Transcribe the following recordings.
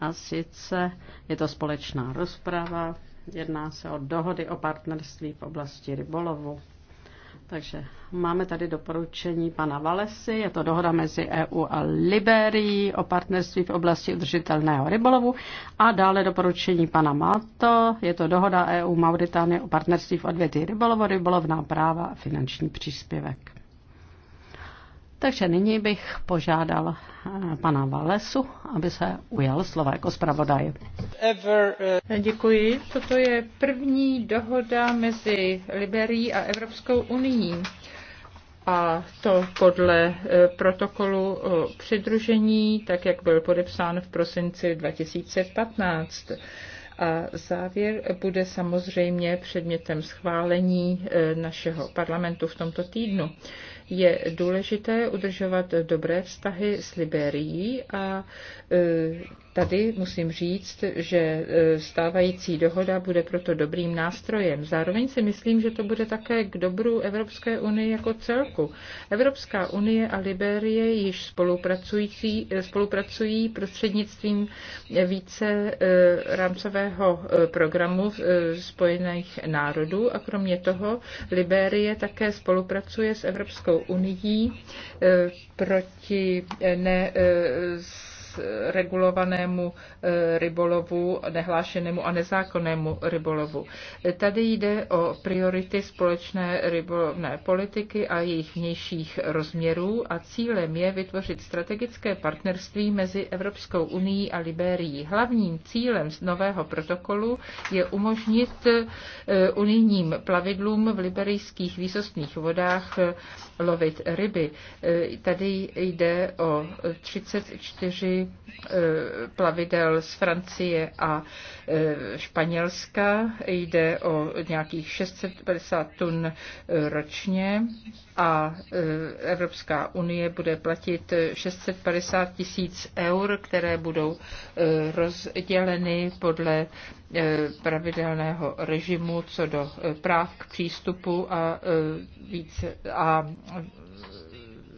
A sice je to společná rozprava, jedná se o dohody o partnerství v oblasti rybolovu. Takže máme tady doporučení pana Valesy, je to dohoda mezi EU a Liberií o partnerství v oblasti udržitelného rybolovu a dále doporučení pana Mato, je to dohoda EU Mauritánie o partnerství v odvětví rybolovu, rybolovná práva a finanční příspěvek. Takže nyní bych požádal eh, pana Valesu, aby se ujal slova jako zpravodaj. Eh, Děkuji. Toto je první dohoda mezi Liberií a Evropskou unii a to podle eh, protokolu o přidružení, tak jak byl podepsán v prosinci 2015. A závěr bude samozřejmě předmětem schválení našeho parlamentu v tomto týdnu je důležité udržovat dobré vztahy s Liberií a e, Tady musím říct, že e, stávající dohoda bude proto dobrým nástrojem. Zároveň si myslím, že to bude také k dobru Evropské unie jako celku. Evropská unie a Liberie již spolupracující, e, spolupracují prostřednictvím více e, rámcového programu Spojených národů a kromě toho Liberie také spolupracuje s Evropskou unii proti ne, s regulovanému eh, rybolovu, nehlášenému a nezákonnému rybolovu. Tady jde o priority společné rybolovné politiky a jejich vnějších rozměrů a cílem je vytvořit strategické partnerství mezi Evropskou unii a Libérií. Hlavním cílem z nového protokolu je umožnit eh, unijním plavidlům v liberijských výsostných vodách eh, lovit ryby. Tady jde o 34 Eh, plavidel z Francie a eh, Španělska. Jde o nějakých 650 tun eh, ročně a Evropská unie bude platit 650 tisíc eur, které budou rozděleny podle pravidelného režimu co do práv k přístupu a, více, a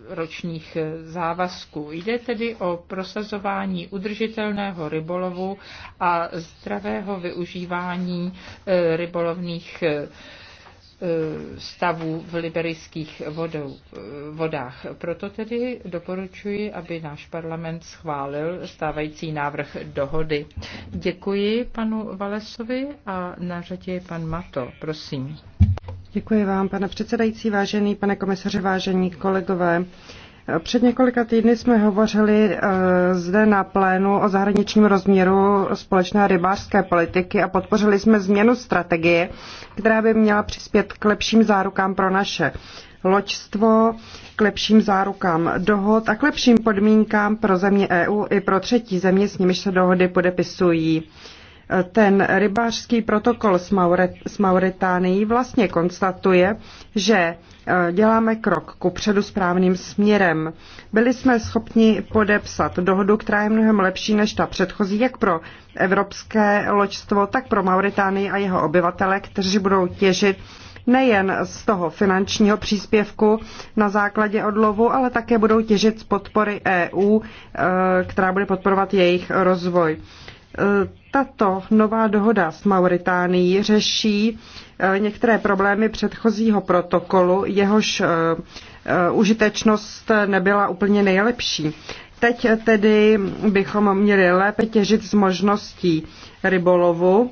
ročních závazků. Jde tedy o prosazování udržitelného rybolovu a zdravého využívání eh, rybolovných eh, eh, stavů v liberijských vodou, vodách. Proto tedy doporučuji, aby náš parlament schválil stávající návrh dohody. Děkuji panu Valesovi a na řadě je pan Mato. Prosím. Děkuji vám, pane předsedající, vážený pane komisaři, vážení kolegové. Před několika týdny jsme hovořili eh, zde na plénu o zahraničním rozměru společné rybářské politiky a podpořili jsme změnu strategie, která by měla přispět k lepším zárukám pro naše loďstvo, k lepším zárukám dohod a k lepším podmínkám pro země EU i pro třetí země, s nimiž se dohody podepisují. Ten rybářský protokol s, Mauret, s Mauritánií vlastně konstatuje, že e, děláme krok ku předu správným směrem. Byli jsme schopni podepsat dohodu, která je mnohem lepší než ta předchozí, jak pro evropské loďstvo, tak pro Mauritánii a jeho obyvatele, kteří budou těžit nejen z toho finančního příspěvku na základě odlovu, ale také budou těžit z podpory EU, e, která bude podporovat jejich rozvoj. Tato nová dohoda s Mauritánií řeší eh, některé problémy předchozího protokolu, jehož eh, eh, užitečnost nebyla úplně nejlepší. Teď tedy bychom měli lépe těžit z možností rybolovu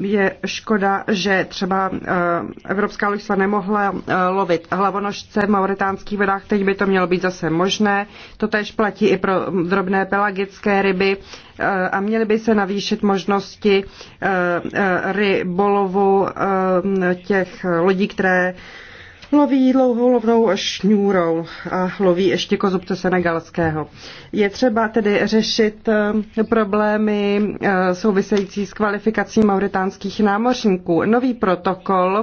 je škoda, že třeba eh, evropská loďstva nemohla eh, lovit hlavonožce v mauritánských vodách, teď by to mělo být zase možné. To tež platí i pro drobné pelagické ryby eh, a měly by se navýšit možnosti rybolovu těch lodí, které loví lovnou šňůrou a loví ještě kozubce senegalského. Je třeba tedy řešit eh, problémy eh, související s kvalifikací mauritánských námořníků. Nový protokol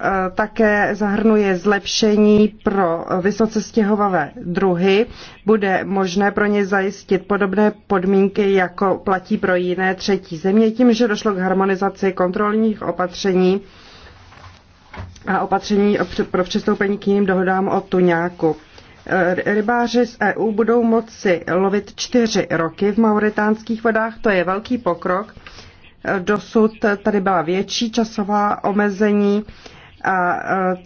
eh, také zahrnuje zlepšení pro vysoce stěhovavé druhy. Bude možné pro ně zajistit podobné podmínky, jako platí pro jiné třetí země, tím, že došlo k harmonizaci kontrolních opatření a opatření pro přestoupení k jiným dohodám o tuňáku. E, rybáři z EU budou moci lovit čtyři roky v mauritánských vodách, to je velký pokrok. E, dosud tady byla větší časová omezení a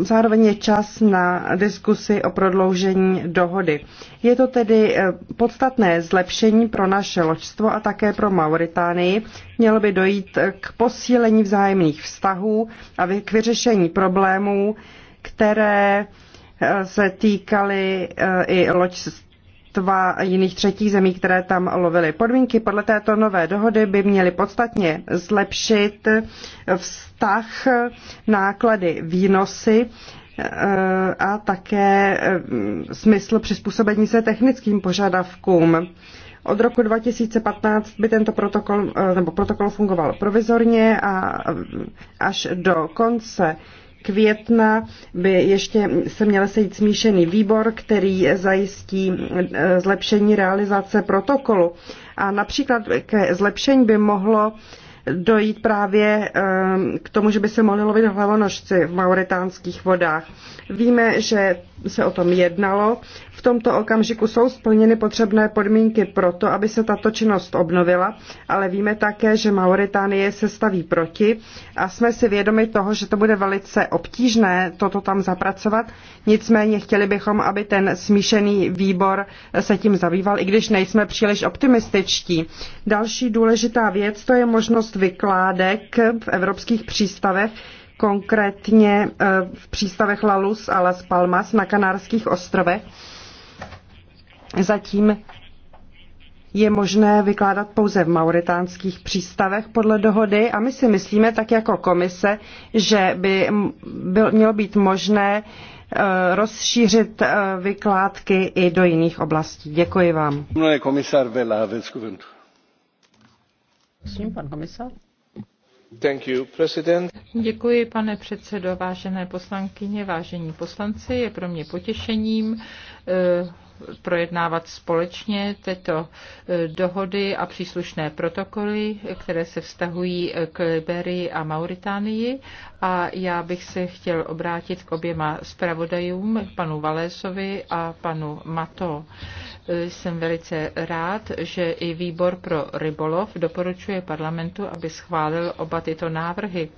zároveň je čas na diskusi o prodloužení dohody. Je to tedy e, podstatné zlepšení pro naše loďstvo a také pro Mauritánii. Mělo by dojít k posílení vzájemných vztahů a k vyřešení problémů, které e, se týkaly e, i loďství obyvatelstva jiných třetích zemí, které tam lovily. Podmínky podle této nové dohody by měly podstatně zlepšit vztah náklady výnosy eh, a také eh, smysl přizpůsobení se technickým požadavkům. Od roku 2015 by tento protokol, eh, nebo protokol fungoval provizorně a až do konce května by ještě se měl sejít smíšený výbor, který zajistí eh, zlepšení realizace protokolu. A například ke zlepšení by mohlo dojít právě eh, k tomu, že by se mohli lovit hlavonožci v mauritánských vodách. Víme, že se o tom jednalo tomto okamžiku jsou splněny potřebné podmínky pro to, aby se tato činnost obnovila, ale víme také, že Mauritánie se staví proti a jsme si vědomi toho, že to bude velice obtížné toto tam zapracovat. Nicméně chtěli bychom, aby ten smíšený výbor se tím zabýval, i když nejsme příliš optimističtí. Další důležitá věc to je možnost vykládek v evropských přístavech, konkrétně eh, v přístavech La Luz a Las Palmas na Kanárských ostrovech zatím je možné vykládat pouze v mauritánských přístavech podle dohody a my si myslíme, tak jako komise, že by byl, mělo být možné eh, rozšířit eh, vykládky i do jiných oblastí. Děkuji vám. Pane komisar Vela, Prosím, pan komisar. You, Děkuji, pane předsedo, vážené poslankyně, vážení poslanci. Je pro mě potěšením eh, projednávat společně tyto eh, dohody a příslušné protokoly, které se vztahují eh, k Liberii a Mauritánii. A já bych se chtěl obrátit k oběma zpravodajům, panu Valésovi a panu Mato. Eh, jsem velice rád, že i výbor pro rybolov doporučuje parlamentu, aby schválil oba tyto návrhy.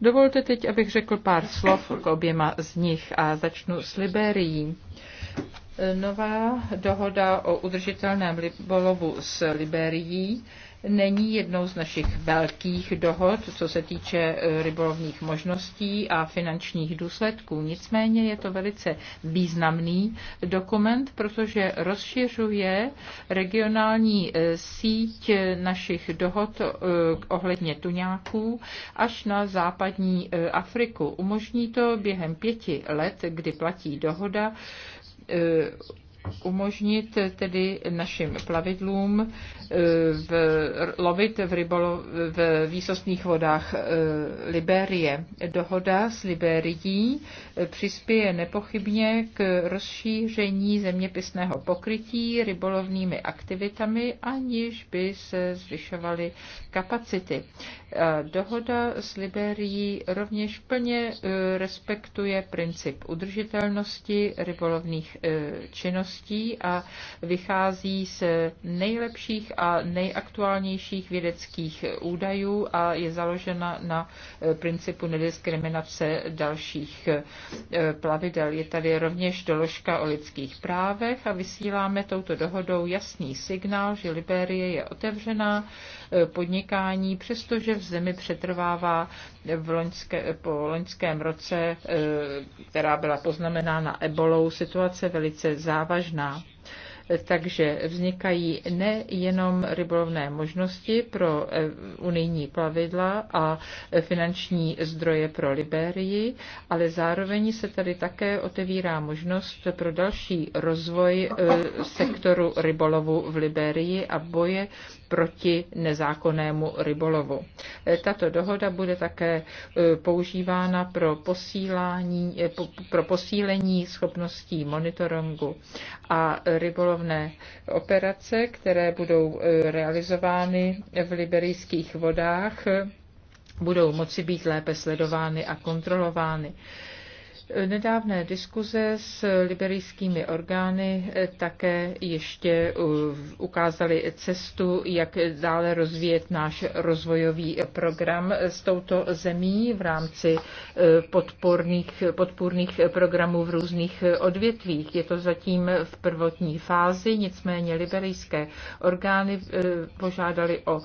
Dovolte teď, abych řekl pár slov k oběma z nich a začnu s Liberií. Nová dohoda o udržitelném libolovu s Liberií není jednou z našich velkých dohod, co se týče e, rybolovních možností a finančních důsledků. Nicméně je to velice významný dokument, protože rozšiřuje regionální e, síť našich dohod e, ohledně tuňáků až na západní Afriku. Umožní to během pěti let, kdy platí dohoda euh, umožnit tedy našim plavidlům eh, v, lovit v, rybolo, v výsostných vodách eh, Liberie. Dohoda s Liberií eh, přispěje nepochybně k rozšíření zeměpisného pokrytí rybolovnými aktivitami, aniž by se zvyšovaly kapacity. Dohoda s Liberií rovněž plně respektuje princip udržitelnosti rybolovných činností znalostí a vychází z nejlepších a nejaktuálnějších vědeckých údajů a je založena na eh, principu nediskriminace dalších eh, plavidel. Je tady rovněž doložka o lidských právech a vysíláme touto dohodou jasný signál, že Liberie je otevřená eh, podnikání, přestože v zemi přetrvává v loňské, po loňském roce, která byla poznamenána ebolou, situace velice závažná závažná takže vznikají nejenom rybolovné možnosti pro eh, unijní plavidla a finanční zdroje pro Liberii, ale zároveň se tady také otevírá možnost pro další rozvoj eh, sektoru rybolovu v Liberii a boje proti nezákonnému rybolovu. Eh, tato dohoda bude také používána pro, posílání, pro posílení schopností monitoringu a rybolovu opětovné operace, které budou e, realizovány v liberijských vodách, budou moci být lépe sledovány a kontrolovány. Nedávné diskuze s liberijskými orgány eh, také ještě eh, ukázaly cestu, jak dále rozvíjet náš rozvojový program s touto zemí v rámci eh, podporných, podpůrných programů v různých odvětvích. Je to zatím v prvotní fázi, nicméně liberijské orgány požádali o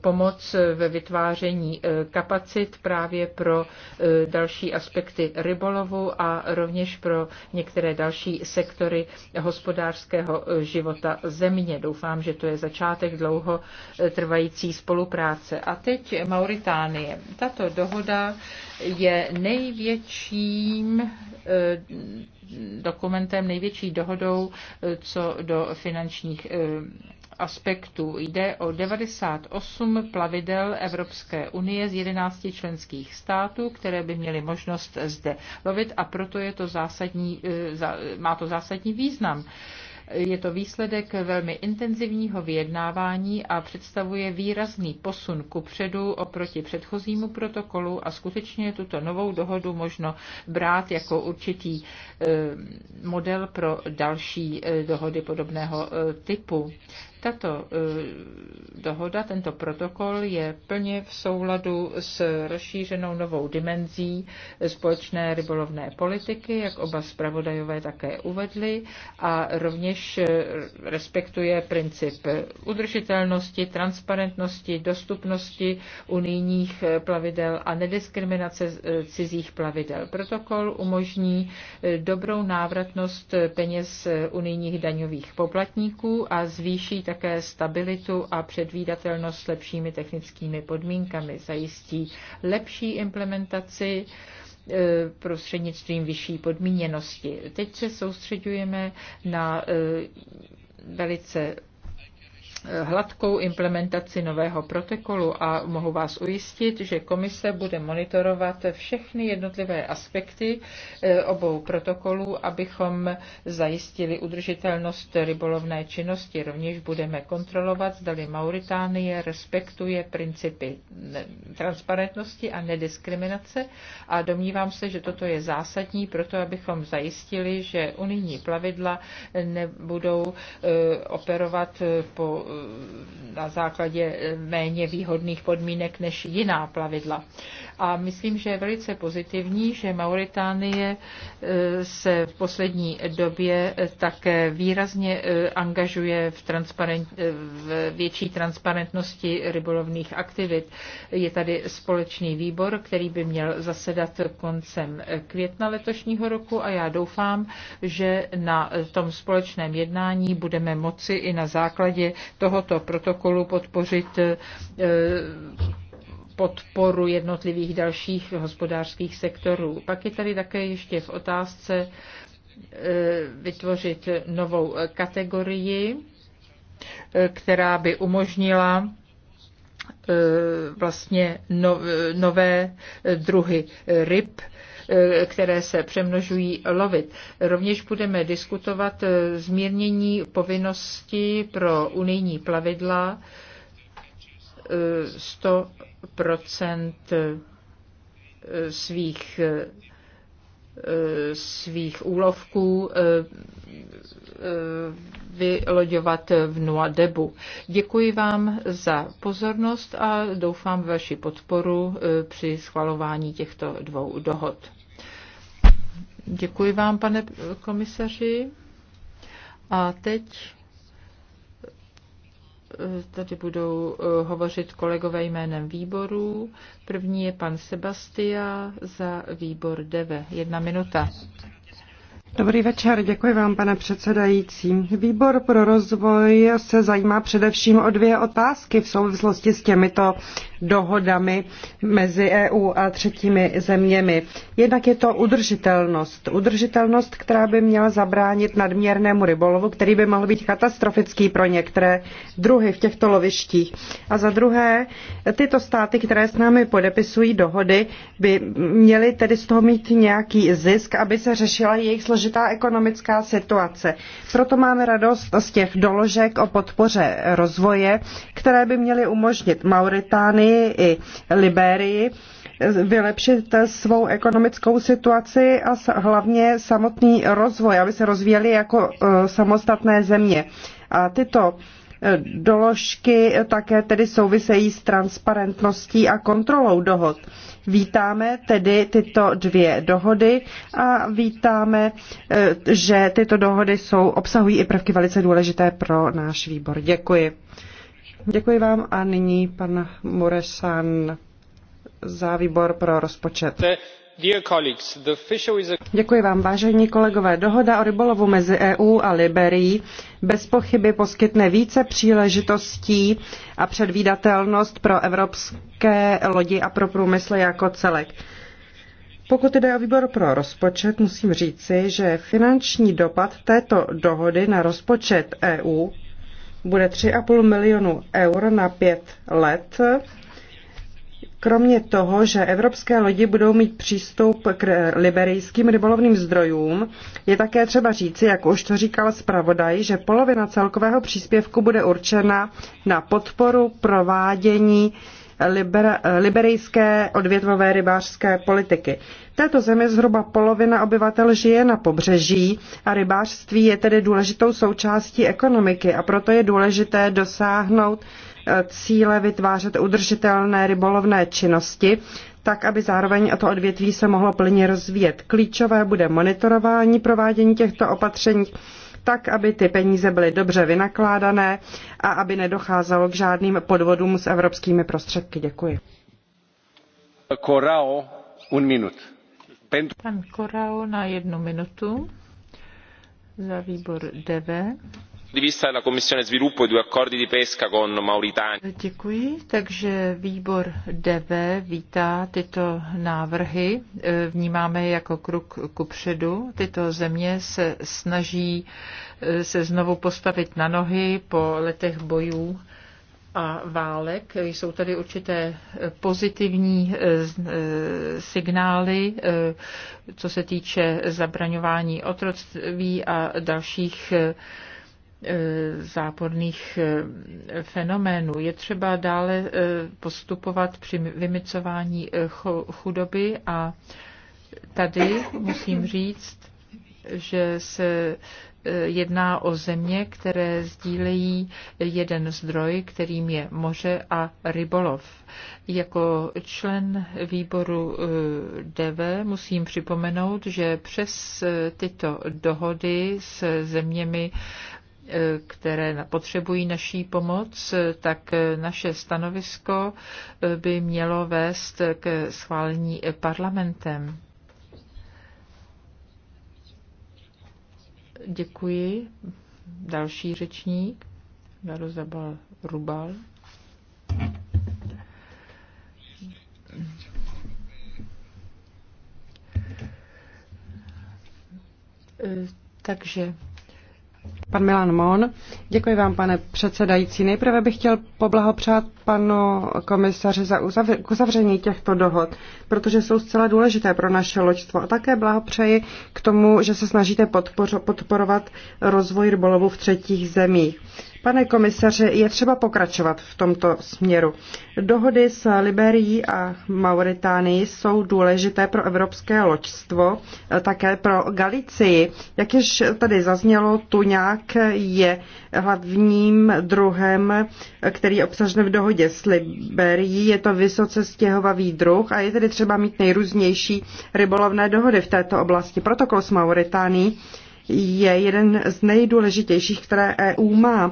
pomoc ve vytváření kapacit právě pro další aspekty rybolovu dopravu a rovněž pro některé další sektory hospodářského e, života země. Doufám, že to je začátek dlouho e, trvající spolupráce. A teď Mauritánie. Tato dohoda je největším e, dokumentem, největší dohodou co do finančních aspektů. Jde o 98 plavidel Evropské unie z 11 členských států, které by měly možnost zde lovit a proto je to zásadní, e, má to zásadní význam. Je to výsledek velmi intenzivního vyjednávání a představuje výrazný posun ku předu oproti předchozímu protokolu a skutečně tuto novou dohodu možno brát jako určitý e, model pro další e, dohody podobného typu. Tato eh, dohoda, tento protokol je plně v souladu s rozšířenou novou dimenzí společné rybolovné politiky, jak oba zpravodajové také uvedli, a rovněž eh, respektuje princip udržitelnosti, transparentnosti, dostupnosti unijních eh, plavidel a nediskriminace cizích plavidel. Protokol umožní dobrou návratnost peněz unijních daňových poplatníků a zvýší také stabilitu a předvídatelnost s lepšími technickými podmínkami, zajistí lepší implementaci e, prostřednictvím vyšší podmíněnosti. Teď se soustředujeme na e, velice hladkou implementaci nového protokolu a mohu vás ujistit, že komise bude monitorovat všechny jednotlivé aspekty eh, obou protokolů, abychom zajistili udržitelnost rybolovné činnosti. Rovněž budeme kontrolovat, zda-li Mauritánie respektuje principy transparentnosti a nediskriminace a domnívám se, že toto je zásadní proto, abychom zajistili, že unijní plavidla nebudou eh, operovat po Eh, na základě eh, méně výhodných podmínek než jiná plavidla. A myslím, že je velice pozitivní, že Mauritánie eh, se v poslední době také výrazně angažuje v, transparent, v větší transparentnosti rybolovných aktivit. Je tady společný výbor, který by měl zasedat koncem května letošního roku a já doufám, že na tom společném jednání budeme moci i na základě tohoto protokolu podpořit eh, podporu jednotlivých dalších hospodářských sektorů. Pak je tady také ještě v otázce eh, vytvořit novou kategorii, eh, která by umožnila vlastně no, nové druhy ryb, Eh, které se přemnožují, lovit. Rovněž budeme diskutovat eh, zmírnění povinnosti pro unijní plavidla 100 eh, svých svých úlovků vyloďovat v Debu. Děkuji vám za pozornost a doufám vaši podporu při schvalování těchto dvou dohod. Děkuji vám, pane komisaři. A teď eh, tady budou eh, hovořit kolegové jménem výborů. První je pan Sebastia za výbor DEVE. Jedna minuta. Dobrý večer, děkuji vám, pane předsedající. Výbor pro rozvoj se zajímá především o dvě otázky v souvislosti s těmito dohodami mezi EU a třetími zeměmi. Jednak je to udržitelnost. Udržitelnost, která by měla zabránit nadměrnému rybolovu, který by mohl být katastrofický pro některé druhy v těchto lovištích. A za druhé, tyto státy, které s námi podepisují dohody, by měly tedy z toho mít nějaký zisk, aby se řešila jejich složitá ekonomická situace. Proto máme radost z těch doložek o podpoře rozvoje, které by měly umožnit Mauritány Guineji i Liberii vylepšit svou ekonomickou situaci a hlavně samotný rozvoj, aby se rozvíjeli jako e, samostatné země. A tyto e, doložky také tedy souvisejí s transparentností a kontrolou dohod. Vítáme tedy tyto dvě dohody a vítáme, e, že tyto dohody jsou, obsahují i prvky velice důležité pro náš výbor. Děkuji. Děkuji vám a nyní pan Muresan za výbor pro rozpočet. Děkuji vám, vážení kolegové. Dohoda o rybolovu mezi EU a Liberií bez pochyby poskytne více příležitostí a předvídatelnost pro evropské lodi a pro průmysl jako celek. Pokud jde o výbor pro rozpočet, musím říci, že finanční dopad této dohody na rozpočet EU bude 3,5 milionu eur na pět let. Kromě toho, že evropské lodi budou mít přístup k liberijským rybolovným zdrojům, je také třeba říci, jak už to říkal zpravodaj, že polovina celkového příspěvku bude určena na podporu provádění libera, liberijské odvětvové rybářské politiky. V této zemi zhruba polovina obyvatel žije na pobřeží a rybářství je tedy důležitou součástí ekonomiky a proto je důležité dosáhnout eh, cíle vytvářet udržitelné rybolovné činnosti, tak aby zároveň to odvětví se mohlo plně rozvíjet. Klíčové bude monitorování provádění těchto opatření tak, aby ty peníze byly dobře vynakládané a aby nedocházelo k žádným podvodům s evropskými prostředky. Děkuji. Korao, un minut. Pentru... Pan Korao na jednu minutu za výbor DV. Děkuji, takže výbor DV vítá tyto návrhy. Eh, vnímáme je jako krok ku předu. Tyto země se snaží eh, se znovu postavit na nohy po letech bojů a válek. Jsou tady určité eh, pozitivní signály, co se týče zabraňování otroctví a dalších E, záporných e, fenoménů. Je třeba dále e, postupovat při vymycování chudoby a tady musím říct, že se jedná o země, které sdílejí jeden zdroj, kterým je moře a rybolov. Jako člen výboru DV musím připomenout, že přes tyto dohody s zeměmi které potřebují naší pomoc, tak naše stanovisko by mělo vést k schválení parlamentem. Děkuji. Další řečník, Jarozabal Rubal. Takže Pan Milan Mon. Děkuji vám, pane předsedající. Nejprve bych chtěl poblahopřát panu komisaři za k uzavření těchto dohod, protože jsou zcela důležité pro naše loďstvo. A také blahopřeji k tomu, že se snažíte podporovat rozvoj rybolovu v třetích zemích. Pane komisaři, je třeba pokračovat v tomto směru. Dohody s Liberií a Mauritánií jsou důležité pro evropské loďstvo, eh, také pro Galicii. Jak již tady zaznělo, tuňák je hlavním druhem, eh, který je obsažen v dohodě s Liberií. Je to vysoce stěhovavý druh a je tedy třeba mít nejrůznější rybolovné dohody v této oblasti. Protokol s Mauritánií je jeden z nejdůležitějších, které EU má.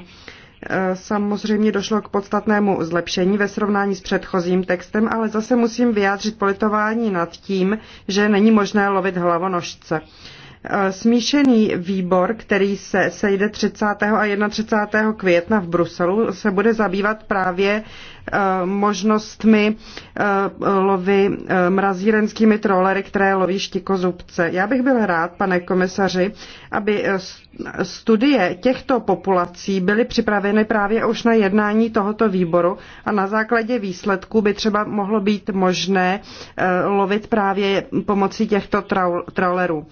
E, samozřejmě došlo k podstatnému zlepšení ve srovnání s předchozím textem, ale zase musím vyjádřit politování nad tím, že není možné lovit hlavonožce. Eh, smíšený výbor, který se sejde 30. a 31. května v Bruselu, se bude zabývat právě eh, možnostmi eh, lovy mrazírenskými trolery, které loví štikozubce. Já bych byl rád, pane komisaři, aby studie těchto populací byly připraveny právě už na jednání tohoto výboru a na základě výsledků by třeba mohlo být možné lovit právě pomocí těchto traulerů.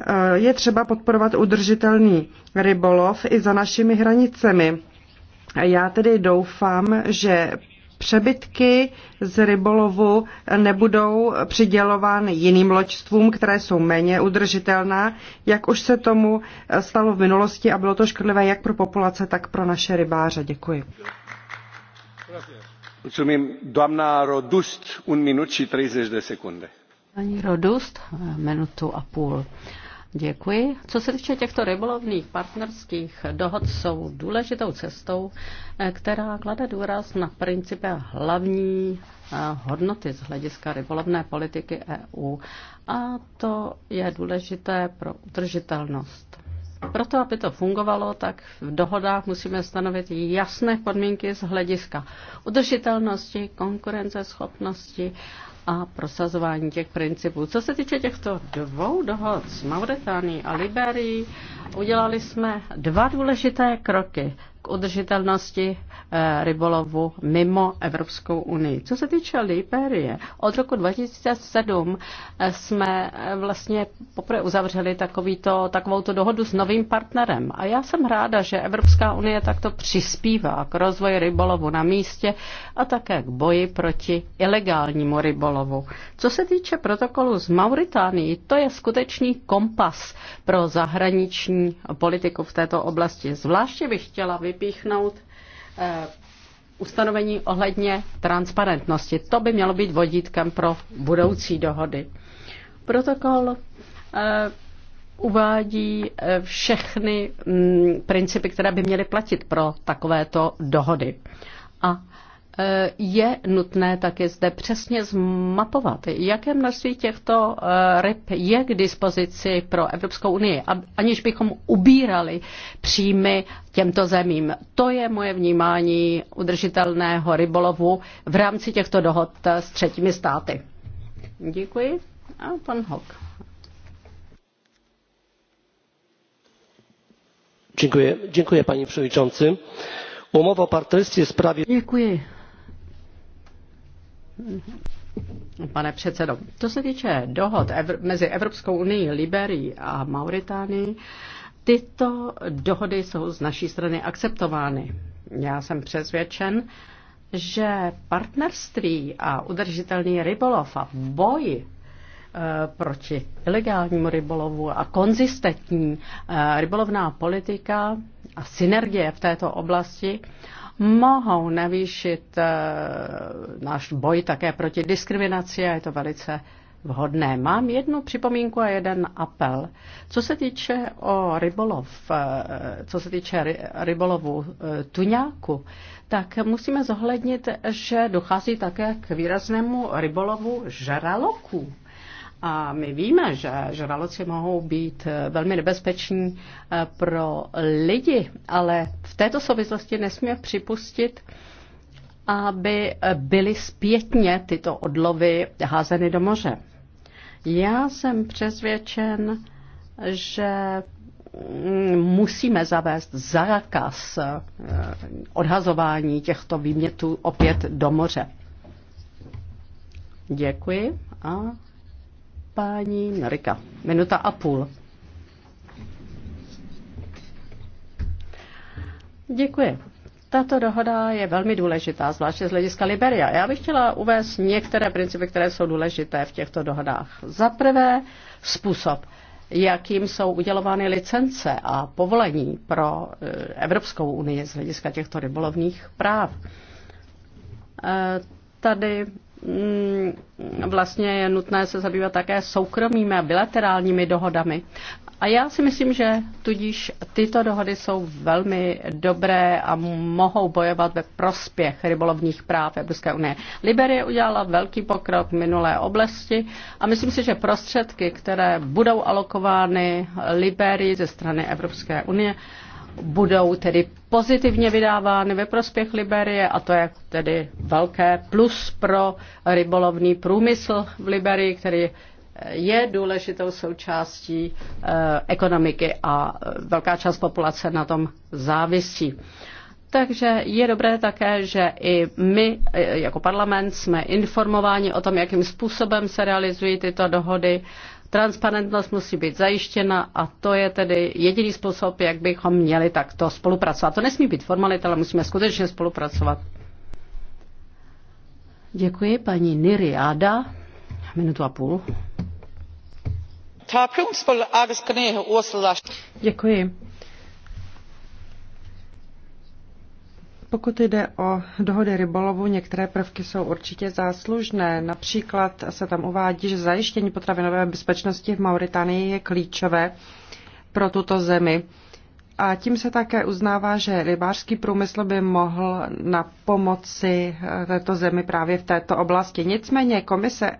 Eh, je třeba podporovat udržitelný rybolov i za našimi hranicemi. Já tedy doufám, že přebytky z rybolovu nebudou přidělovány jiným loďstvům, které jsou méně udržitelná, jak už se tomu eh, stalo v minulosti a bylo to škodlivé jak pro populace, tak pro naše rybáře. Děkuji. Rodust, un minut și 30 de secunde. Rodust, eh, minutu a půl. Děkuji. Co se týče těchto rybolovných partnerských dohod, jsou důležitou cestou, eh, která klade důraz na principy hlavní eh, hodnoty z hlediska rybolovné politiky EU. A to je důležité pro udržitelnost. Proto, aby to fungovalo, tak v dohodách musíme stanovit jasné podmínky z hlediska udržitelnosti, konkurenceschopnosti a prosazování těch principů. Co se týče těchto dvou dohod s Mauritánií a Liberií, Udělali jsme dva důležité kroky k udržitelnosti eh, rybolovu mimo Evropskou unii. Co se týče Liberie, od roku 2007 eh, jsme eh, vlastně poprvé uzavřeli takovýto, takovouto dohodu s novým partnerem. A já jsem ráda, že Evropská unie takto přispívá k rozvoji rybolovu na místě a také k boji proti ilegálnímu rybolovu. Co se týče protokolu z Mauritánii, to je skutečný kompas pro zahraniční kohezní politiku v této oblasti. Zvláště bych chtěla vypíchnout eh, ustanovení ohledně transparentnosti. To by mělo být vodítkem pro budoucí dohody. Protokol eh, uvádí eh, všechny mm, principy, které by měly platit pro takovéto dohody. A Eh, je nutné také zde přesně zmapovat, jaké množství těchto eh, ryb je k dispozici pro Evropskou unii, aniž bychom ubírali příjmy těmto zemím. To je moje vnímání udržitelného rybolovu v rámci těchto dohod eh, s třetími státy. Děkuji. A pan Hock. Dziękuję, dziękuję panie przewodniczący. Umowa o partnerstwie w sprawie. Dziękuję Pane předsedo, to se týče dohod Evr- mezi Evropskou unii, Liberii a Mauritánii. tyto dohody jsou z naší strany akceptovány. Já jsem přesvědčen, že partnerství a udržitelný rybolov a boj eh, proti ilegálnímu rybolovu a konzistentní eh, rybolovná politika a synergie v této oblasti mohou navýšit eh, náš boj také proti diskriminaci a je to velice vhodné. Mám jednu připomínku a jeden apel. Co se týče o rybolov, eh, co se týče rybolovu eh, tuňáku, tak musíme zohlednit, že dochází také k výraznému rybolovu žraloků. A my víme, že žraloci mohou být eh, velmi nebezpeční eh, pro lidi, ale v této souvislosti nesmíme připustit, aby eh, byly zpětně tyto odlovy házeny do moře. Já jsem přesvědčen, že mm, musíme zavést zákaz odhazování těchto výmětů opět do moře. Děkuji a Paní Norika, minuta a půl. Děkuji. Tato dohoda je velmi důležitá, zvláště z hlediska Liberia. Já bych chtěla uvést některé principy, které jsou důležité v těchto dohodách. Za prvé, způsob, jakým jsou udělovány licence a povolení pro eh, Evropskou unii z hlediska těchto rybolovných práv. Eh, tady Mm, vlastně je nutné se zabývat také soukromými a bilaterálními dohodami. A já si myslím, že tudíž tyto dohody jsou velmi dobré a mohou bojovat ve prospěch rybolovních práv Evropské unie. Liberie udělala velký pokrok v minulé oblasti a myslím si, že prostředky, které budou alokovány Liberii ze strany Evropské unie, budou tedy pozitivně vydávány ve prospěch Liberie a to je tedy velké plus pro rybolovný průmysl v Liberii, který eh, je důležitou součástí eh, ekonomiky a eh, velká část populace na tom závisí. Takže je dobré také, že i my jako parlament jsme informováni o tom, jakým způsobem se realizují tyto dohody Transparentnost musí být zajištěna a to je tedy jediný způsob, jak bychom měli takto spolupracovat. To nesmí být formalita, ale musíme skutečně spolupracovat. Děkuji paní Niriáda. Minutu a půl. Děkuji. Pokud jde o dohody rybolovu, některé prvky jsou určitě záslužné. Například se tam uvádí, že zajištění potravinové bezpečnosti v Mauritánii je klíčové pro tuto zemi. A tím se také uznává, že rybářský průmysl by mohl na pomoci eh, této zemi právě v této oblasti. Nicméně komise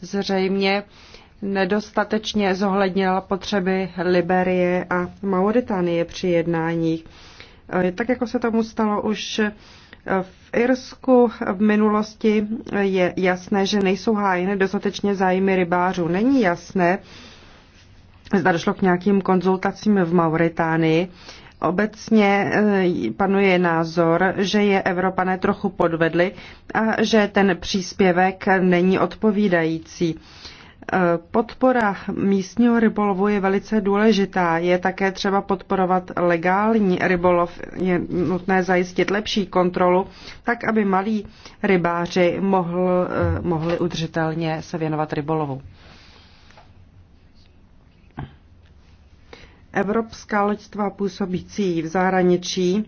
zřejmě nedostatečně zohlednila potřeby Liberie a Mauritánie při jednáních. Eh, tak jako se tomu stalo už eh, v Irsku v minulosti, eh, je jasné, že nejsou hájeny dostatečně zájmy rybářů. Není jasné, zda došlo k nějakým konzultacím v Mauritánii. Obecně panuje názor, že je Evropané trochu podvedli a že ten příspěvek není odpovídající. Eh, podpora místního rybolovu je velice důležitá. Je také třeba podporovat legální rybolov. Je nutné zajistit lepší kontrolu, tak aby malí rybáři mohl, eh, mohli udržitelně se věnovat rybolovu. Evropská loďstva působící v zahraničí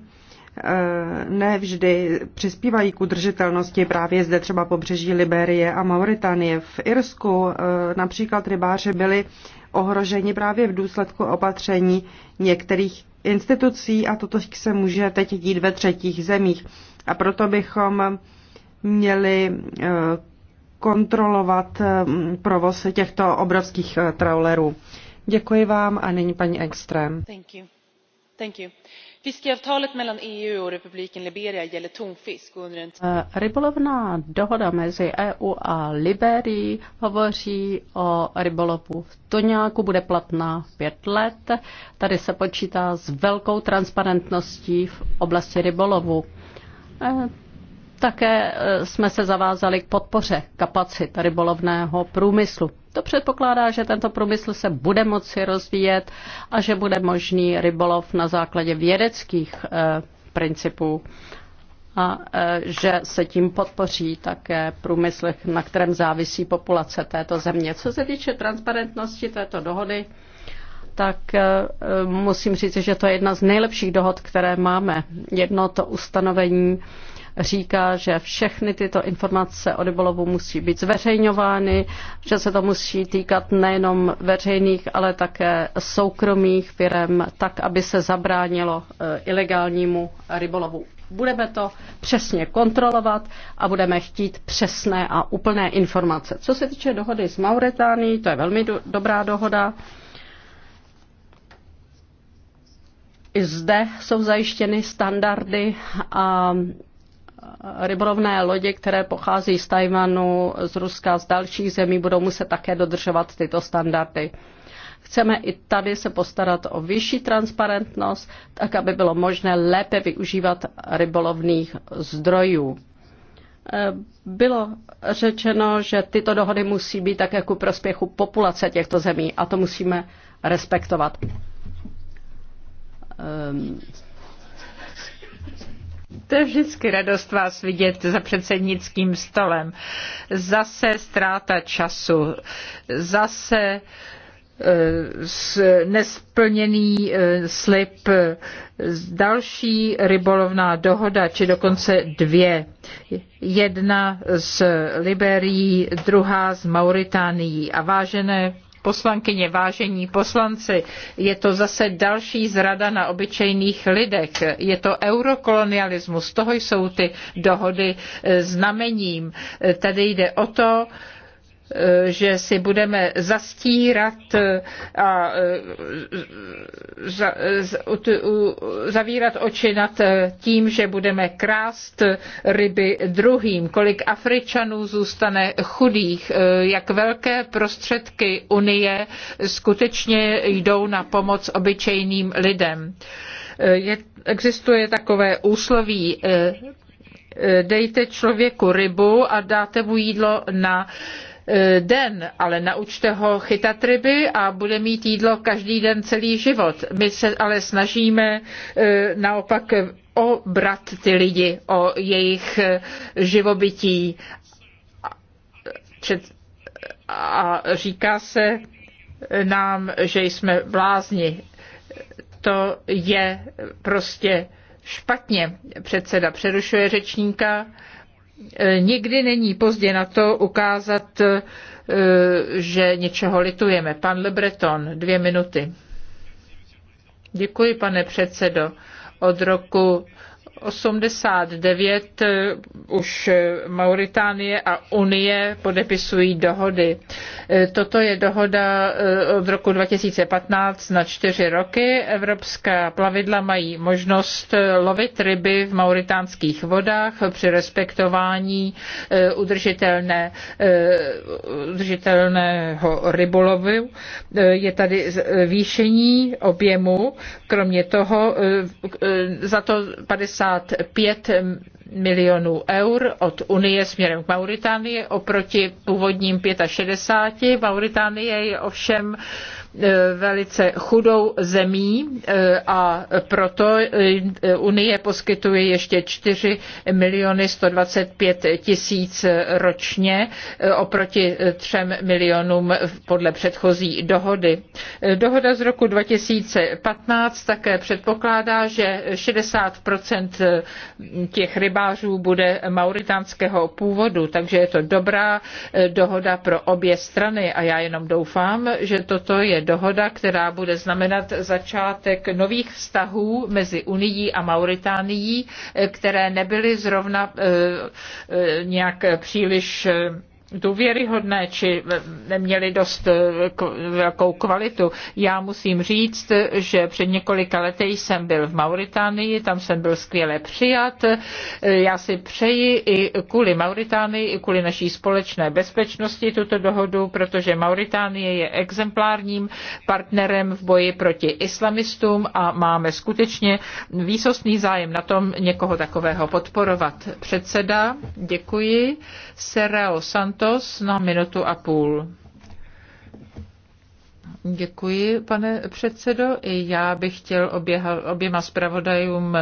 Eh, ne vždy přispívají k udržitelnosti. Právě zde třeba pobřeží Liberie a Mauritánie. V Irsku eh, například rybáři byli ohroženi právě v důsledku opatření některých institucí a toto se může teď dít ve třetích zemích. A proto bychom měli eh, kontrolovat hm, provoz těchto obrovských traulerů. Děkuji vám a nyní paní Extrém. Thank you. Thank you. EU e eh, Rybolovná dohoda mezi EU a Liberií hovoří o rybolovu v Toňáku, bude platná pět let. Tady se počítá s velkou transparentností v oblasti rybolovu. Eh, také e, jsme se zavázali k podpoře kapacit rybolovného průmyslu. To předpokládá, že tento průmysl se bude moci rozvíjet a že bude možný rybolov na základě vědeckých e, principů a e, že se tím podpoří také průmysl, na kterém závisí populace této země. Co se týče transparentnosti této dohody, tak musím říct, že to je jedna z nejlepších dohod, které máme. Jedno to ustanovení říká, že všechny tyto informace o rybolovu musí být zveřejňovány, že se to musí týkat nejenom veřejných, ale také soukromých firm, tak, aby se zabránilo eh, ilegálnímu rybolovu. Budeme to přesně kontrolovat a budeme chtít přesné a úplné informace. Co se týče dohody s Mauritánií, to je velmi do- dobrá dohoda. I zde jsou zajištěny standardy a rybolovné lodě, které pochází z Tajvanu, z Ruska, z dalších zemí, budou muset také dodržovat tyto standardy. Chceme i tady se postarat o vyšší transparentnost, tak aby bylo možné lépe využívat rybolovných zdrojů. Eh, bylo řečeno, že tyto dohody musí být také ku prospěchu populace těchto zemí a to musíme respektovat. Um to je vždycky radost vás vidět za předsednickým stolem. Zase ztráta času, zase e, nesplněný e, slib, další rybolovná dohoda, či dokonce dvě. Jedna s Liberií, druhá s Mauritánií. A vážené poslankyně, vážení poslanci, je to zase další zrada na obyčejných lidech. Je to eurokolonialismus, toho jsou ty dohody e, znamením. E, tady jde o to, Eh, že si budeme zastírat eh, a eh, zavírat oči nad tím, že budeme krást ryby druhým. Kolik Afričanů zůstane chudých, jak velké prostředky Unie skutečně jdou na pomoc obyčejným lidem. Je, existuje takové úsloví dejte člověku rybu a dáte mu jídlo na Eh, den, ale naučte ho chytat ryby a bude mít jídlo každý den celý život. My se ale snažíme eh, naopak obrat ty lidi o jejich eh, živobytí. A říká se nám, že jsme blázni. To je prostě špatně. Předseda přerušuje řečníka. E, nikdy není pozdě na to ukázat, e, že něčeho litujeme. Pan Le Breton, dvě minuty. Děkuji, pane předsedo. Od roku 89 eh, už eh, Mauritánie a Unie podepisují dohody. Eh, toto je dohoda od roku 2015 na čtyři roky. Evropská plavidla mají možnost lovit ryby v mauritánských vodách při respektování udržitelné, udržitelného rybolovu. Je tady zvýšení objemu, kromě toho za to 50 55 milionů eur od Unie směrem k Mauritánii oproti původním 65. Mauritánie je ovšem E, velice chudou zemí e, a proto e, Unie poskytuje ještě 4 miliony 125 tisíc ročně oproti 3 milionům podle předchozí dohody. Dohoda z roku 2015 také předpokládá, že 60 těch rybářů bude mauritánského původu, takže je to dobrá dohoda pro obě strany a já jenom doufám, že toto je dohoda, která bude znamenat začátek nových vztahů mezi Unií a Mauritánií, eh, které nebyly zrovna eh, eh, nějak příliš důvěryhodné, či neměly dost eh, velkou kvalitu. Já musím říct, že před několika lety jsem byl v Mauritánii, tam jsem byl skvěle přijat. Eh, já si přeji i kvůli Mauritánii, i kvůli naší společné bezpečnosti tuto dohodu, protože Mauritánie je exemplárním partnerem v boji proti islamistům a máme skutečně výsostný zájem na tom někoho takového podporovat. Předseda, děkuji. Serao Sant Santos na minutu a půl. Děkuji, pane předsedo. I já bych chtěl oběha, oběma zpravodajům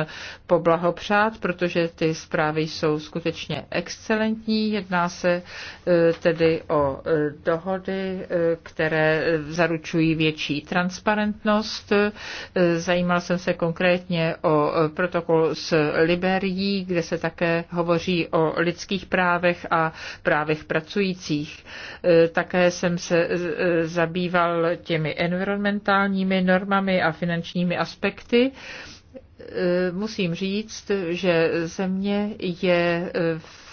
poblahopřát, protože ty zprávy jsou skutečně excelentní. Jedná se e, tedy o e, dohody, e, které zaručují větší transparentnost. Zajímal jsem se konkrétně o protokol s Liberií, kde se také hovoří o lidských právech a právech pracujících. Také jsem se zabýval tím, těmi environmentálními normami a finančními aspekty, e, musím říct, že země je v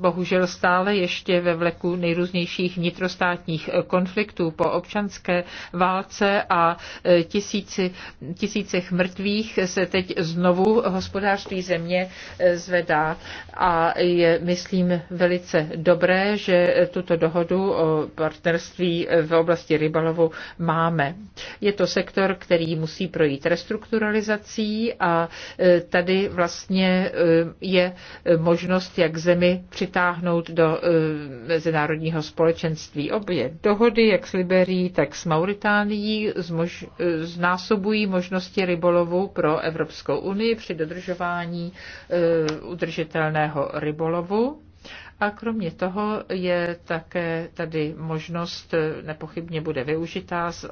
bohužel stále ještě ve vleku nejrůznějších vnitrostátních konfliktů po občanské válce a e, tisíci, tisícech mrtvých se teď znovu hospodářství země e, zvedá a je, myslím, velice dobré, že tuto dohodu o partnerství v oblasti rybalovu máme. Je to sektor, který musí projít restrukturalizací a e, tady vlastně je možnost možnost, jak zemi přitáhnout do eh, mezinárodního společenství. Obě dohody, jak s Liberií, tak s Mauritánií, zmož, eh, znásobují možnosti rybolovu pro Evropskou unii při dodržování eh, udržitelného rybolovu. A kromě toho je také tady možnost, nepochybně bude využitá z,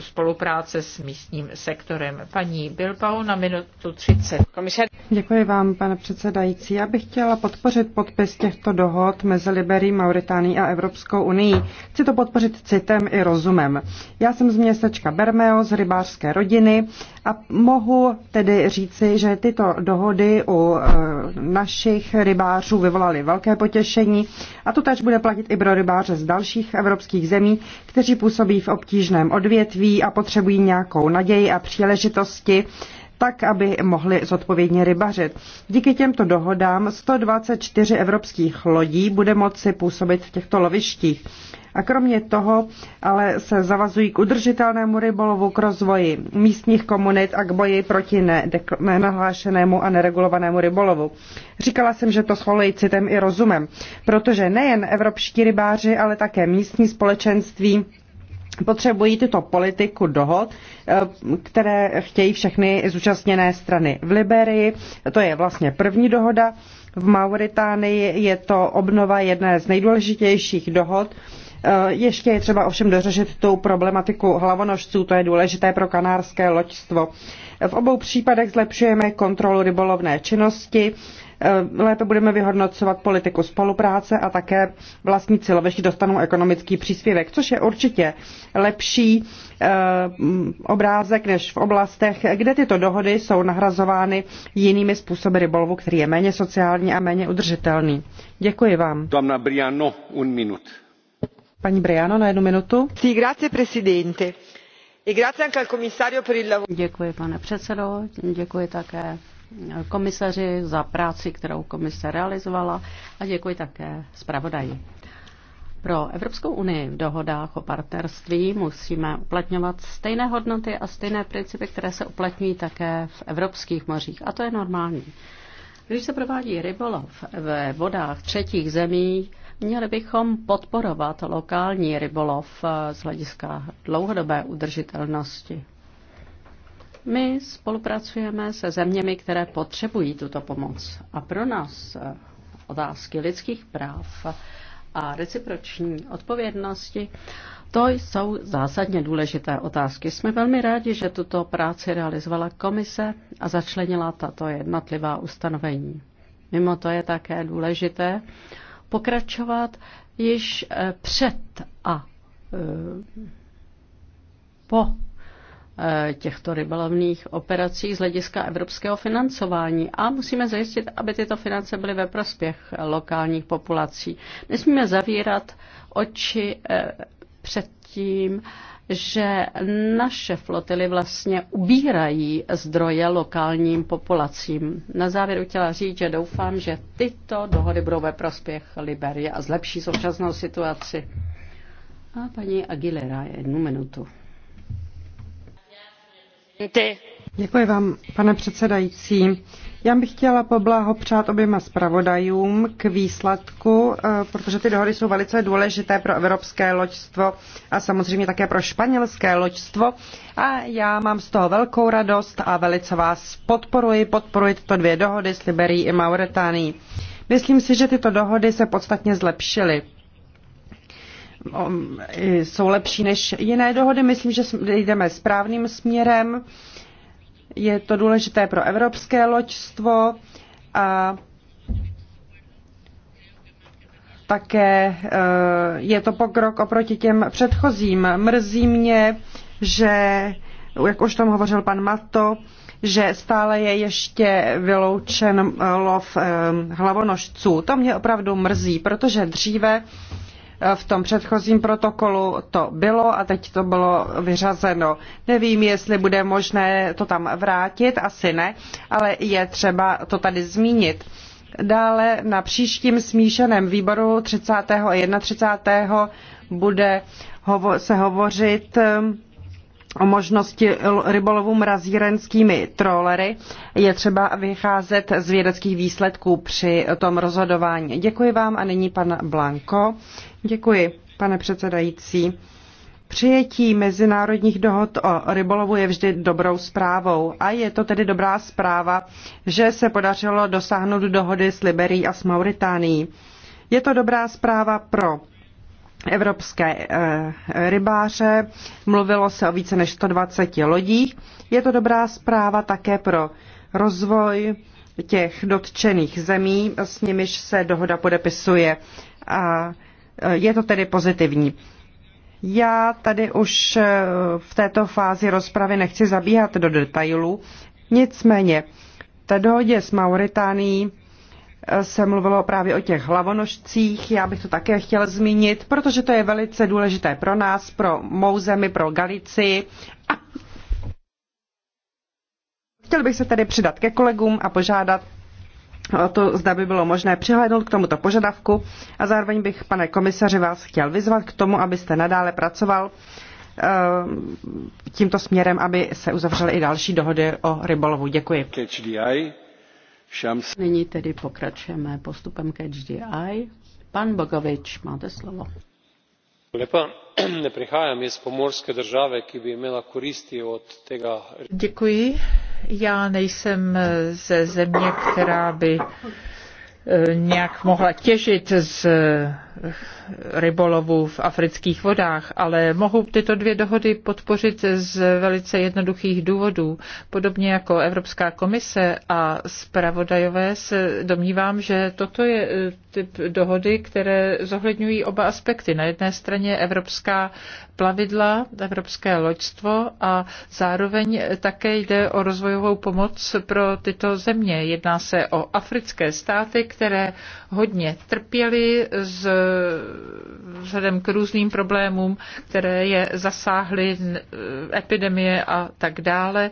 spolupráce s místním sektorem. Paní Bilbao na minutu 30. Děkuji vám, pane předsedající. Já bych chtěla podpořit podpis těchto dohod mezi Liberií, Mauritánií a Evropskou unii. Chci to podpořit citem i rozumem. Já jsem z městečka Bermeo, z rybářské rodiny a mohu tedy říci, že tyto dohody u e, našich rybářů vyvolaly velké potěšení a to tež bude platit i pro rybáře z dalších evropských zemí, kteří působí v obtížném odvětví a potřebují nějakou naději a příležitosti tak aby mohli zodpovědně rybařit. Díky těmto dohodám 124 evropských lodí bude moci působit v těchto lovištích. A kromě toho ale se zavazují k udržitelnému rybolovu, k rozvoji místních komunit a k boji proti nenahlášenému a neregulovanému rybolovu. Říkala jsem, že to schvaluji citem i rozumem, protože nejen evropští rybáři, ale také místní společenství potřebují tuto politiku dohod, eh, které chtějí všechny zúčastněné strany. V Liberii to je vlastně první dohoda, v Mauritánii je to obnova jedné z nejdůležitějších dohod. Eh, ještě je třeba ovšem dořešit tu problematiku hlavonožců, to je důležité pro kanárské loďstvo. V obou případech zlepšujeme kontrolu rybolovné činnosti, Eh, lépe budeme vyhodnocovat politiku spolupráce a také vlastní silovešti dostanou ekonomický příspěvek, což je určitě lepší eh, mm, obrázek než v oblastech, kde tyto dohody jsou nahrazovány jinými způsoby rybolovu, který je méně sociální a méně udržitelný. Děkuji vám. Dámna Briano, un minut. Paní Briano, na jednu minutu. Sí, grazie, presidente. E děkuji, pane předsedo, děkuji také komisaři za práci, kterou komise realizovala a děkuji také zpravodaji. Pro Evropskou unii v dohodách o partnerství musíme uplatňovat stejné hodnoty a stejné principy, které se uplatňují také v evropských mořích. A to je normální. Když se provádí rybolov ve vodách třetích zemí, měli bychom podporovat lokální rybolov eh, z hlediska dlouhodobé udržitelnosti. My spolupracujeme se zeměmi, které potřebují tuto pomoc. A pro nás eh, otázky lidských práv a reciproční odpovědnosti, to jsou zásadně důležité otázky. Jsme velmi rádi, že tuto práci realizovala komise a začlenila tato jednotlivá ustanovení. Mimo to je také důležité pokračovat již eh, před a eh, po Eh, těchto rybolovných operací z hlediska evropského financování a musíme zajistit, aby tyto finance byly ve prospěch lokálních populací. Nesmíme zavírat oči eh, před tím, že naše flotily vlastně ubírají zdroje lokálním populacím. Na závěr chtěla říct, že doufám, že tyto dohody budou ve prospěch Liberie a zlepší současnou situaci. A paní Aguilera jednu minutu. Děkuji vám, pane předsedající. Já bych chtěla poblahopřát oběma zpravodajům k výsledku, eh, protože ty dohody jsou velice důležité pro evropské loďstvo a samozřejmě také pro španělské loďstvo. A já mám z toho velkou radost a velice vás podporuji, podporuji tyto dvě dohody s Liberií i mauritánií. Myslím si, že tyto dohody se podstatně zlepšily jsou lepší než jiné dohody. Myslím, že jdeme správným směrem. Je to důležité pro evropské loďstvo a také eh, je to pokrok oproti těm předchozím. Mrzí mě, že, jak už tam hovořil pan Mato, že stále je ještě vyloučen eh, lov eh, hlavonožců. To mě opravdu mrzí, protože dříve v tom předchozím protokolu to bylo a teď to bylo vyřazeno. Nevím, jestli bude možné to tam vrátit, asi ne, ale je třeba to tady zmínit. Dále na příštím smíšeném výboru 30. a 31. 30. bude hovo- se hovořit o možnosti rybolovu mrazírenskými trolery. Je třeba vycházet z vědeckých výsledků při tom rozhodování. Děkuji vám a nyní pan Blanko. Děkuji, pane předsedající. Přijetí mezinárodních dohod o rybolovu je vždy dobrou zprávou a je to tedy dobrá zpráva, že se podařilo dosáhnout dohody s Liberií a s Mauritánií. Je to dobrá zpráva pro evropské eh, rybáře. Mluvilo se o více než 120 lodích. Je to dobrá zpráva také pro rozvoj těch dotčených zemí, s nimiž se dohoda podepisuje. A eh, je to tedy pozitivní. Já tady už eh, v této fázi rozpravy nechci zabíhat do detailů, nicméně ta dohodě s Mauritánií se mluvilo právě o těch hlavonožcích. Já bych to také chtěla zmínit, protože to je velice důležité pro nás, pro mou zemi, pro Galici. A chtěl bych se tedy přidat ke kolegům a požádat o to, zda by bylo možné přihlédnout k tomuto požadavku a zároveň bych, pane komisaři, vás chtěl vyzvat k tomu, abyste nadále pracoval eh, tímto směrem, aby se uzavřely i další dohody o rybolovu. Děkuji. Šams. Nyní tedy pokračujeme postupem ke HDI. Pan Bogovič, máte slovo. Lepa. Ne prihajam iz pomorske države, ki bi imela koristi od tega. Děkuji. Já nejsem ze země, která by nějak mohla těžit z eh, rybolovu v afrických vodách, ale mohu tyto dvě dohody podpořit z velice jednoduchých důvodů. Podobně jako Evropská komise a zpravodajové se domnívám, že toto je eh, typ dohody, které zohledňují oba aspekty. Na jedné straně evropská plavidla, evropské loďstvo a zároveň také jde o rozvojovou pomoc pro tyto země. Jedná se o africké státy, které hodně trpěly z, vzhledem k různým problémům, které je zasáhly epidemie a tak dále.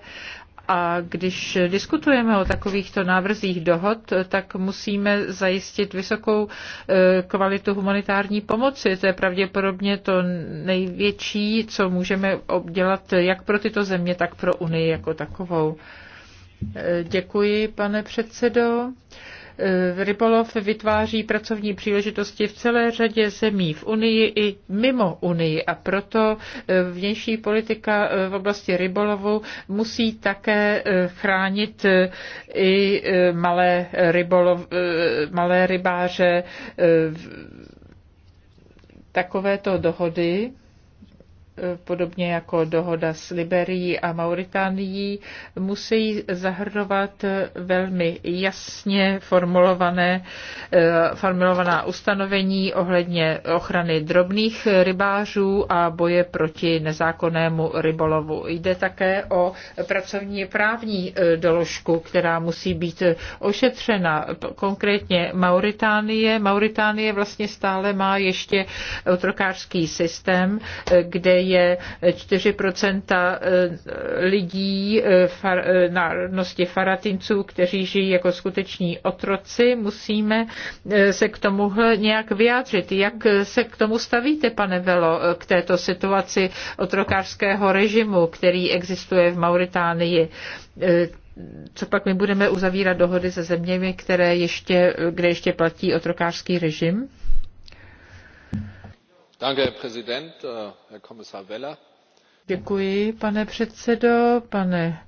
A když diskutujeme o takovýchto návrzích dohod, tak musíme zajistit vysokou e, kvalitu humanitární pomoci. To je pravděpodobně to největší, co můžeme dělat jak pro tyto země, tak pro Unii jako takovou. E, děkuji, pane předsedo. Eh, rybolov vytváří pracovní příležitosti v celé řadě zemí v Unii i mimo Unii a proto eh, vnější politika eh, v oblasti rybolovu musí také chránit i malé, rybolov, malé rybáře takovéto dohody podobně jako dohoda s Liberií a Mauritánií, musí zahrnovat velmi jasně formulované, eh, formulovaná ustanovení ohledně ochrany drobných rybářů a boje proti nezákonnému rybolovu. Jde také o pracovní právní eh, doložku, která musí být ošetřena. Konkrétně Mauritánie. Mauritánie vlastně stále má ještě otrokářský systém, eh, kde je 4 eh, lidí eh, far, eh, národnosti faratinců, kteří žijí jako skuteční otroci. Musíme se k tomu nějak vyjádřit. Jak se k tomu stavíte, pane Velo, k této situaci otrokářského režimu, který existuje v Mauritánii? co pak my budeme uzavírat dohody se zeměmi, které ještě, kde ještě platí otrokářský režim? Äh, Děkuji, pane předsedo, pane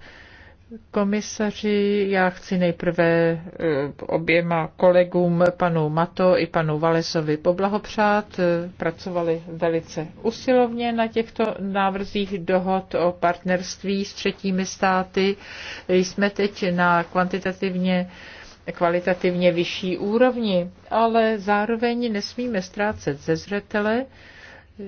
komisaři. Já chci nejprve eh, oběma kolegům, panu Mato i panu Valesovi, poblahopřát. Eh, pracovali velice usilovně na těchto návrzích dohod o partnerství s třetími státy. Jsme teď na kvantitativně kvalitativně vyšší úrovni, ale zároveň nesmíme ztrácet ze zřetele,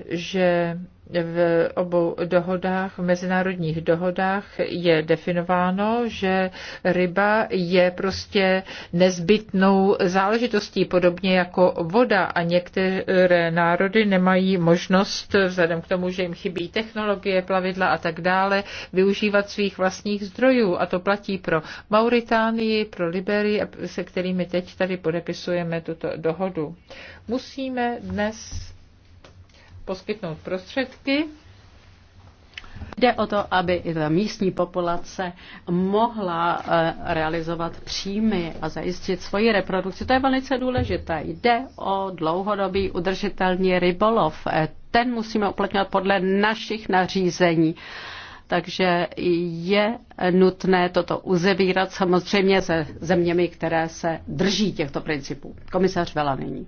že v obou dohodách, v mezinárodních dohodách je definováno, že ryba je prostě nezbytnou záležitostí, podobně jako voda a některé národy nemají možnost, vzhledem k tomu, že jim chybí technologie, plavidla a tak dále, využívat svých vlastních zdrojů a to platí pro Mauritánii, pro Liberii, se kterými teď tady podepisujeme tuto dohodu. Musíme dnes poskytnout prostředky. Jde o to, aby i ta místní populace mohla eh, realizovat příjmy a zajistit svoji reprodukci. To je velice důležité. Jde o dlouhodobý udržitelný rybolov. Eh, ten musíme uplatňovat podle našich nařízení takže je nutné toto uzevírat samozřejmě se zeměmi, které se drží těchto principů. Komisař Vela nyní.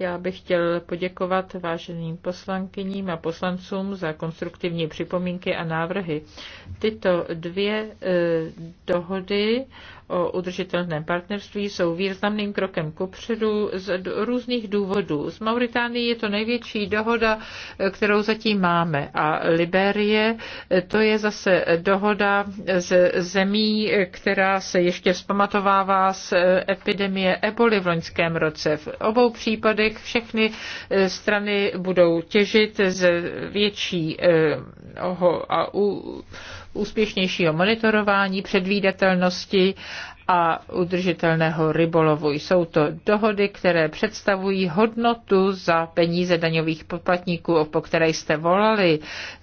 Já bych chtěl poděkovat váženým poslankyním a poslancům za konstruktivní připomínky a návrhy. Tyto dvě e, dohody o udržitelném partnerství jsou významným krokem kupředu z různých důvodů. Z Mauritánie je to největší dohoda, e, kterou zatím máme a Liberie e, to je zase dohoda z zemí, která se ještě vzpamatovává z epidemie eboli v loňském roce. V obou případech výsledek. Všechny eh, strany budou těžit z většího eh, a úspěšnějšího monitorování, předvídatelnosti a udržitelného rybolovu. Jsou to dohody, které představují hodnotu za peníze daňových poplatníků, po které jste volali.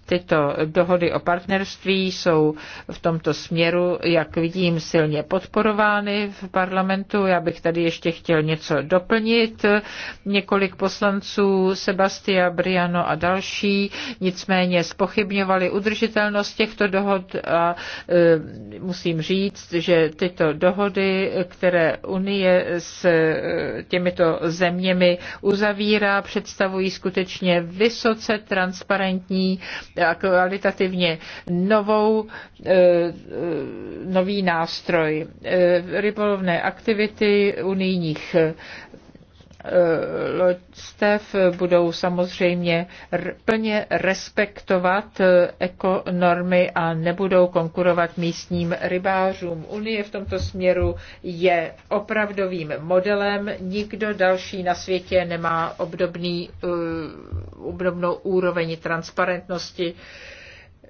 Tyto dohody o partnerství jsou v tomto směru, jak vidím, silně podporovány v parlamentu. Já bych tady ještě chtěl něco doplnit. Několik poslanců, Sebastia, Briano a další, nicméně spochybňovali udržitelnost těchto dohod a e, musím říct, že tyto dohody dohody, které Unie s eh, těmito zeměmi uzavírá, představují skutečně vysoce transparentní a kvalitativně novou, eh, eh, nový nástroj. Rybolovné aktivity unijních Eh, loďstev budou samozřejmě plně respektovat eh, ekonormy a nebudou konkurovat místním rybářům. Unie v tomto směru je opravdovým modelem. Nikdo další na světě nemá obdobný, eh, obdobnou úroveň transparentnosti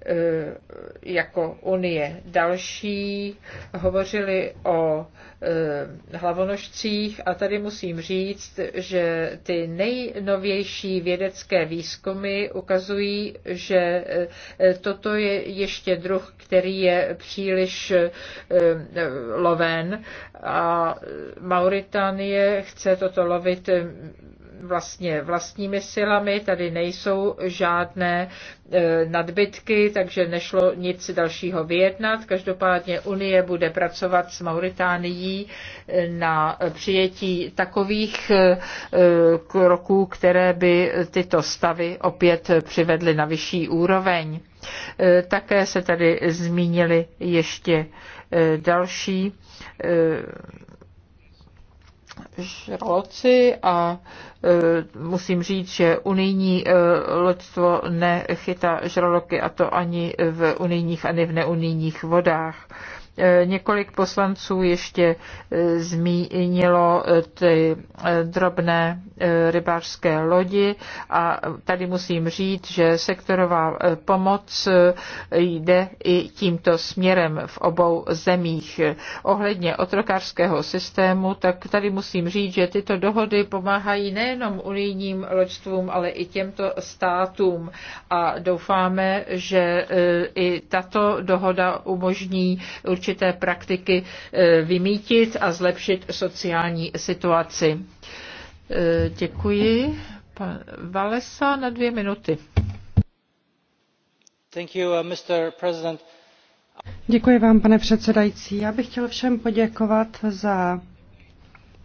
Eh, jako Unie. Další hovořili o eh, hlavonožcích a tady musím říct, že ty nejnovější vědecké výzkumy ukazují, že eh, toto je ještě druh, který je příliš loven a Mauritánie chce toto lovit vlastně vlastními silami, tady nejsou žádné e, nadbytky, takže nešlo nic dalšího vyjednat. Každopádně Unie bude pracovat s Mauritánií e, na přijetí takových e, kroků, které by tyto stavy opět přivedly na vyšší úroveň. Také se tady zmínili ještě další žraloci a e, musím říct, že unijní e, loďstvo nechytá žraloky a to ani v unijních, ani v neunijních vodách. Eh, několik poslanců ještě eh, zmínilo eh, ty drobné rybářské lodi a tady musím říct, že sektorová pomoc jde i tímto směrem v obou zemích. Ohledně otrokářského systému, tak tady musím říct, že tyto dohody pomáhají nejenom unijním loďstvům, ale i těmto státům a doufáme, že i tato dohoda umožní určitě určité praktiky eh, vymítit a zlepšit sociální situaci. Eh, děkuji. Pan Valesa na dvě minuty. Thank you, uh, Mr. President. Děkuji vám, pane předsedající. Já bych chtěl všem poděkovat za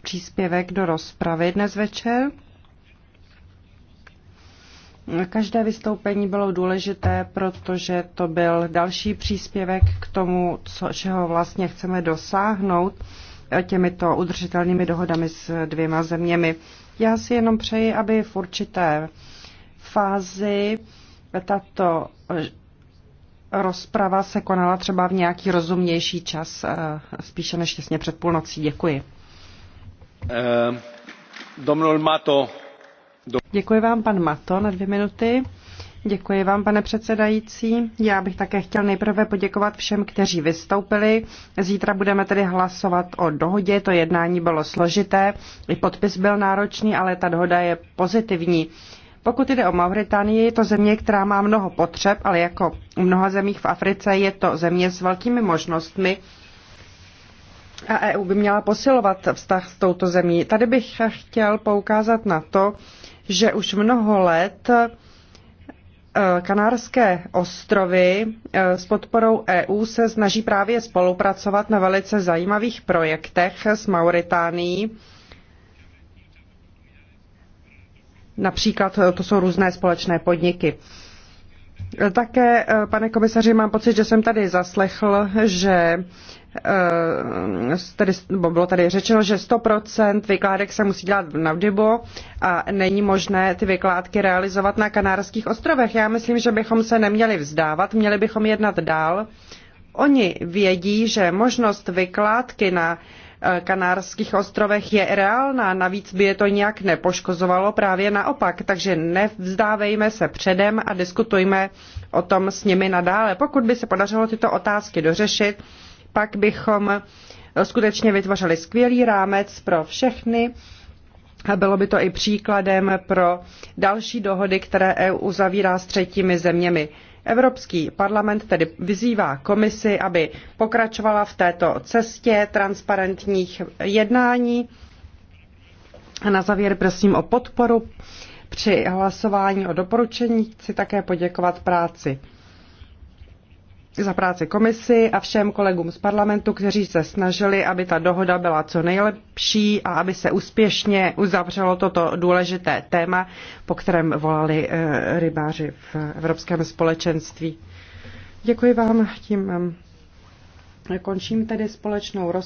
příspěvek do rozpravy dnes večer. Každé vystoupení bylo důležité, protože to byl další příspěvek k tomu, co, čeho vlastně chceme dosáhnout těmito udržitelnými dohodami s dvěma zeměmi. Já si jenom přeji, aby v určité fázi tato rozprava se konala třeba v nějaký rozumnější čas, eh, spíše než těsně před půlnocí. Děkuji. Eh, domnul Mato Děkuji vám, pan Mato, na dvě minuty. Děkuji vám, pane předsedající. Já bych také chtěl nejprve poděkovat všem, kteří vystoupili. Zítra budeme tedy hlasovat o dohodě. To jednání bylo složité, i podpis byl náročný, ale ta dohoda je pozitivní. Pokud jde o Mauritánii, je to země, která má mnoho potřeb, ale jako u mnoha zemích v Africe je to země s velkými možnostmi, a EU by měla posilovat vztah s touto zemí. Tady bych chtěl poukázat na to, že už mnoho let eh, Kanárské ostrovy eh, s podporou EU se snaží právě spolupracovat na velice zajímavých projektech s Mauritánií. Například eh, to jsou různé společné podniky. Také, pane komisaři, mám pocit, že jsem tady zaslechl, že Eh, tady, bylo tady řečeno, že 100% vykládek se musí dělat v Navdibu a není možné ty vykládky realizovat na Kanárských ostrovech. Já myslím, že bychom se neměli vzdávat, měli bychom jednat dál. Oni vědí, že možnost vykládky na eh, Kanárských ostrovech je reálná, navíc by je to nějak nepoškozovalo, právě naopak. Takže nevzdávejme se předem a diskutujme o tom s nimi nadále. Pokud by se podařilo tyto otázky dořešit, pak bychom skutečně vytvořili skvělý rámec pro všechny a bylo by to i příkladem pro další dohody, které EU uzavírá s třetími zeměmi. Evropský parlament tedy vyzývá komisi, aby pokračovala v této cestě transparentních jednání. A na závěr prosím o podporu při hlasování o doporučení. Chci také poděkovat práci za práci komisi a všem kolegům z parlamentu, kteří se snažili, aby ta dohoda byla co nejlepší a aby se úspěšně uzavřelo toto důležité téma, po kterém volali eh, rybáři v Evropském společenství. Děkuji vám, tím eh, končím tedy společnou rozpravu.